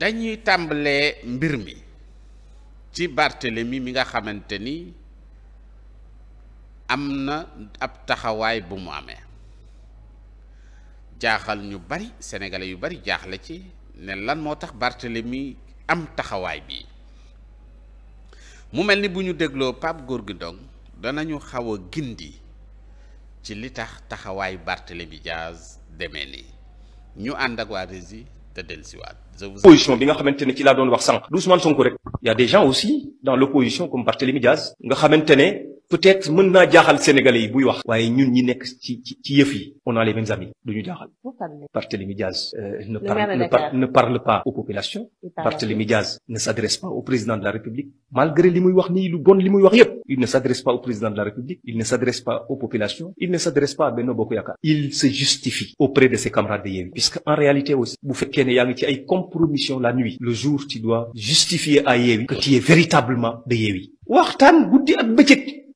dañuy tàmbalee mbir mi ci Barthélemy mi nga xamante ni am na ab taxawaay bu mu amee jaaxal ñu bari sénégalais yu bari jaaxle ci ne lan moo tax Barthélemy am taxawaay bii mu mel ni buñu ñu dégloo Pape Gorgui Ndong danañu xaw a gindi ci li tax taxawaayu Barthélemy Dias deme ni ñu ànd ak waa Rési te dellusiwaat. opposition bi nga xamante ne ci laa doon wax sànq. du Ousmane Sonko rek. y a des gens aussi dans l'opposition comme Barthélémy Diaz. nga xamante ne. peut-être mën naa jaaxal sénégalais yi buy wax. waaye ñun ñi nekk ci ci ci on a les mêmes amis du ñu jaaxal. Barthélémy Diaz euh, ne ne parle pas aux populations. Barthélémy Diaz ne s'adresse pas au président de la République. malgré li wax nii lu bon li muy wax yépp il ne s'adresse pas au président de la République. il ne s'adresse pas aux populations. il ne s'adresse pas à Benno Bokk Yakaar. il se justifie auprès de ses camarades de Yewwi. puisque en réalité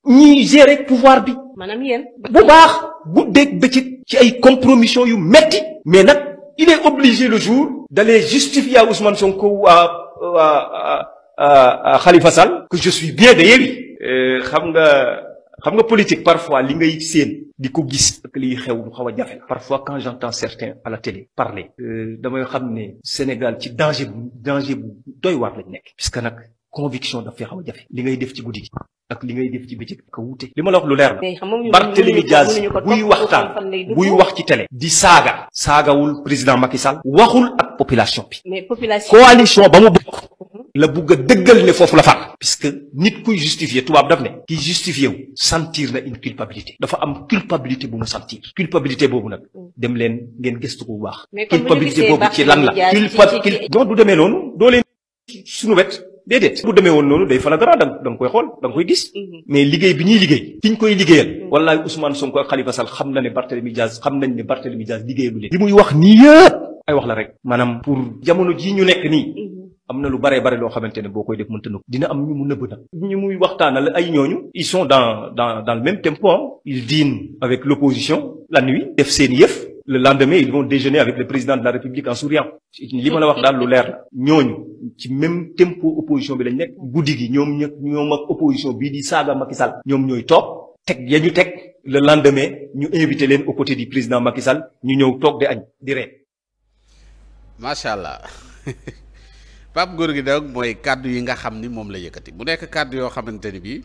ñiy gérer pouvoir bi. maanaam yéen. bu baax guddeeg bëccëg ci ay compromission yu metti mais nag il est obligé le jour. d'aller justifier à son Sonko ou à à à à Khalifa Sall. que je suis bien de Yewwi. Euh, xam nga. xam nga politique parfois li ngay seen di ko gis ak liy xew lu xaw a jafe la parfois quand j'entends certains à la télé parler euh, damay xam ne Sénégal ci danger bu danger bu doy waar lañ nekk puisque nag conviction daf fi xaw a jafe li ngay def ci guddi gi ak li ngay def ci bëccëg ka wuute li ma la wax lu leer la Barthélemy Diaz buy waxtaan buy wax ci télé di saaga saagawul président Macky waxul ak population bi coalition ba mu bokk la bugg a dëggal ne foofu la far puisque nit kuy justifier tubaab daf ne kiy justifier sentir na une culpabilité dafa am culpabilité bu mu sentir culpabilité boobu nag mm. dem leen ngeen gëstu ko bu baax culpabilité boobu ci lan la culpa non du demee déedéet bu demee woon noonu day flagrant da nga koy xool da koy gis mhm. mais liggéey bi ñuy liggéey ki ñu koy liggéeyal mhm. wallaay Ousmane Sonko ak xalifa Sall xam na ne Barthélemy jaas xam nañ ne Barthélemy Diaz liggéeyalu leen li muy wax nii yëpp ay wax la rek maanaam pour jamono jii ñu nekk nii mhm. am na lu bare bare loo xamante ne boo koy def mënta na dina am ñu mu nëbb nag ñu muy waxtaanal ay ñooñu ils sont dans dans dans le même tempo ils dînent avec l'opposition la nuit def seen yëf le lendemain ils vont déjeuner avec le président de la république en souriant li ma la wax daal lu leer la ñooñu ci même tempo opposition bi lañ nekk guddi gi ñoom ñë ñoom ak opposition bii di saaga Macky Sall ñoom ñooy toog teg ya ñu teg le lendemain ñu invité leen aux côtés du président Macky Sall ñu ñëw toog di añ di ree macha allah góor gi Ndong mooy kàddu yi nga xam ni moom la yëkkati bu nekk kàddu yoo xamante ni bii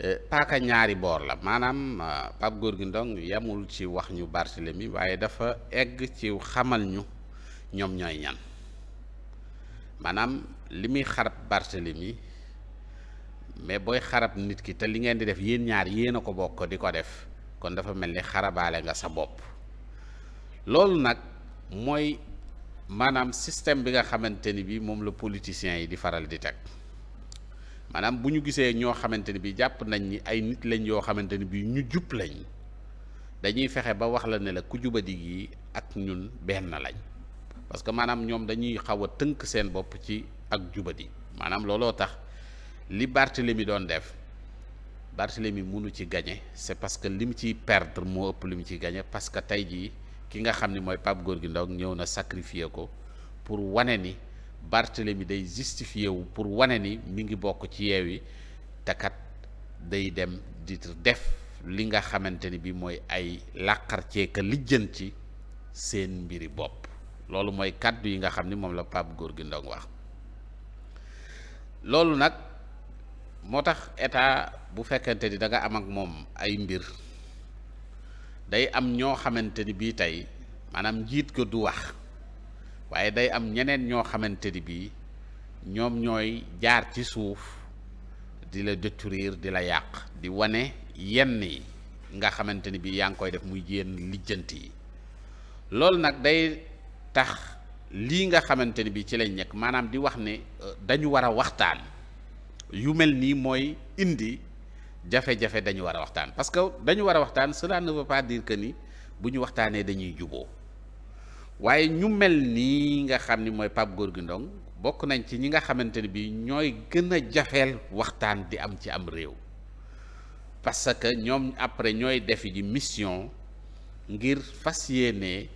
Eh, paaka ñaari boor la maanaam euh, góor gi Ndong yamul ci wax ñu Barthélemy waaye dafa egg ci xamal ñu ñoom ñooy ñan maanaam li muy xarab Barthélemy mais booy xarab nit ki te li ngeen di def yéen ñaar yéen a ko bokk di ko def kon dafa mel ni xarabaale nga sa bopp loolu nag mooy maanaam système bi nga xamante ni bi moom la politiciens yi di faral di teg maanaam bu ñu gisee ñoo xamante ni bi jàpp nañ ni ay nit lañ yoo xamante ni bi ñu jub lañ dañuy fexe ba wax la ne la ku jubadi gi ak ñun benn lañ parce que maanaam ñoom dañuy xaw a tënk seen bopp ci ak jubadi maanaam looloo tax li Barthélemy doon def Barthélemy munu ci gañe c'est parce que li mu ciy perdre moo ëpp li mu ciy gañe parce que tey jii ki nga xam ni mooy Pape Gorgui Ndong ñëw na sacrifier ko pour wane ni Barthélemy day justifié wu pour wane ni mu ngi bokk ci Yewwi te kat day dem di def li nga xamante ni bi mooy ay làqar ceeka lijjan ci seen mbiri bopp loolu mooy kàddu yi nga xam ni moom la góor Gorgui Ndong wax loolu nag moo tax état bu fekkente ni danga nga am ak moom ay mbir day am ñoo xamante ni bii tey maanaam njiit ko du wax waaye day am ñeneen ñoo xamante ni bii ñoom ñooy jaar ci suuf di la détruire di la yàq di wane yenn yi nga xamante ni bii yaa ngi koy def muy jéem lijjant yi loolu nag day tax lii nga xamante ni bii ci lay nekk maanaam di wax ne euh, dañu war a waxtaan yu mel nii mooy indi jafe-jafe dañu war a waxtaan parce que dañu war a waxtaan cela ne veut pas dire que ni bu ñu waxtaanee dañuy juboo waaye ñu mel nii nga xam ni mooy Pape Gorgui Ndong bokk nañ ci ñi nga xamante ni bi ñooy gën a jafeel waxtaan di am ci am réew parce que ñoom après ñooy def ji mission ngir fas yéene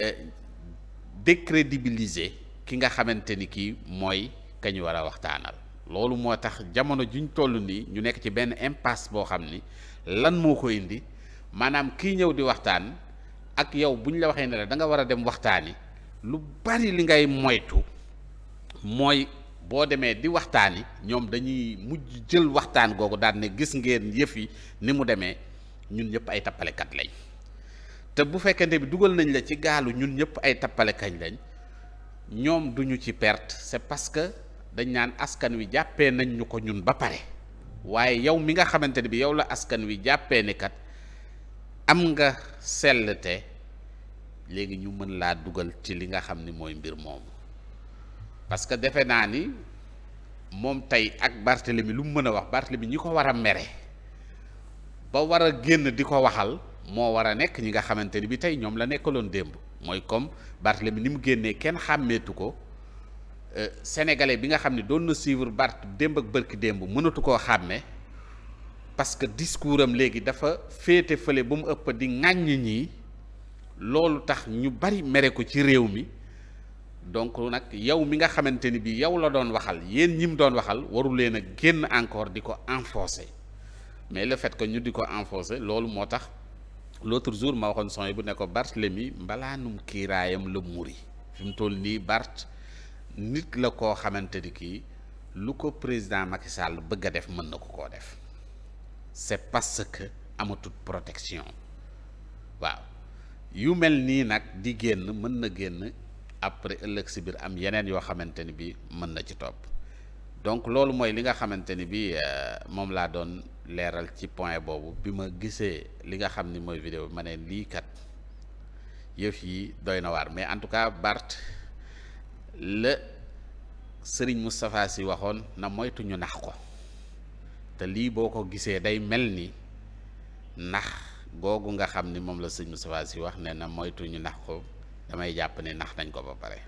euh, décrédibiliser ki nga xamante ni kii mooy ka ñu war a waxtaanal loolu moo tax jamono juñ toll nii ñu nekk ci benn impasse boo xam ni lan moo ko indi maanaam kii ñëw di waxtaan ak yow bu ñu la waxee ne la da nga war a dem waxtaan waxtaani lu bari li ngay moytu mooy boo demee di waxtaan waxtaani ñoom dañuy mujj jël waxtaan googu daan ne gis ngeen yëf yi ni mu demee ñun ñëpp ay tappalekat lañ te bu fekkente bi dugal nañ la ci gaalu ñun ñëpp ay tappalekañ lañ ñoom duñu ci perte c'est parce que dañ naan askan wi jàppee nañ ñu ko ñun ba pare waaye yow mi nga xamante ne bi yow la askan wi jàppee ni kat am nga sellte léegi ñu mën laa dugal ci li nga xam ni mooy mbir moomu parce que defe naa ni moom tey ak Barthélemy lu mu mën a wax Barthélemy ñi ko war a mere ba war a génn di ko waxal moo war a nekk ñi nga xamante ni bi tey ñoom la nekkaloon démb mooy comme Barthélemy ni mu génnee kenn xàmmeetu ko euh, sénégalais bi nga xam ne doon na suivre Barth démb ak bërki démb mënatu koo xàmme parce que discours am léegi dafa féete fële ba mu ëpp di ŋàññ ñi loolu tax ñu bari mere ko ci réew mi donc nag yow mi nga xamante ni bi yow la doon waxal yéen ñi mu doon waxal waru leen a génn encore di ko enfoncer mais le fait que ñu di ko enfoncer loolu moo tax l'autre jour ma waxoon son bu ne ko Barthélemy mbalaanum kiiraayam la muri fi mu toll nii Barth nit la koo xamante ni kii lu ko président Macky Sall bëgg a def mën na ko koo def c'est parce que amatut protection waaw yu mel nii nag di génn mën na génn après ëllëg si biir am yeneen yoo xamante ni bi mën na ci topp donc loolu mooy li nga xamante ni bi euh, moom laa doon leeral ci point boobu bi ma gisee li nga xam ni mooy vidéo bi ma ne lii kat yëf yi doy na waar mais en tout cas Bart la Serigne Moustapha Sy waxoon na moytu ñu nax ko te lii boo ko gisee day mel ni nax googu nga xam ni moom la sëñ Moustapha Sy wax ne na moytuñu nax ko damay jàpp ne nax nañ ko ba pare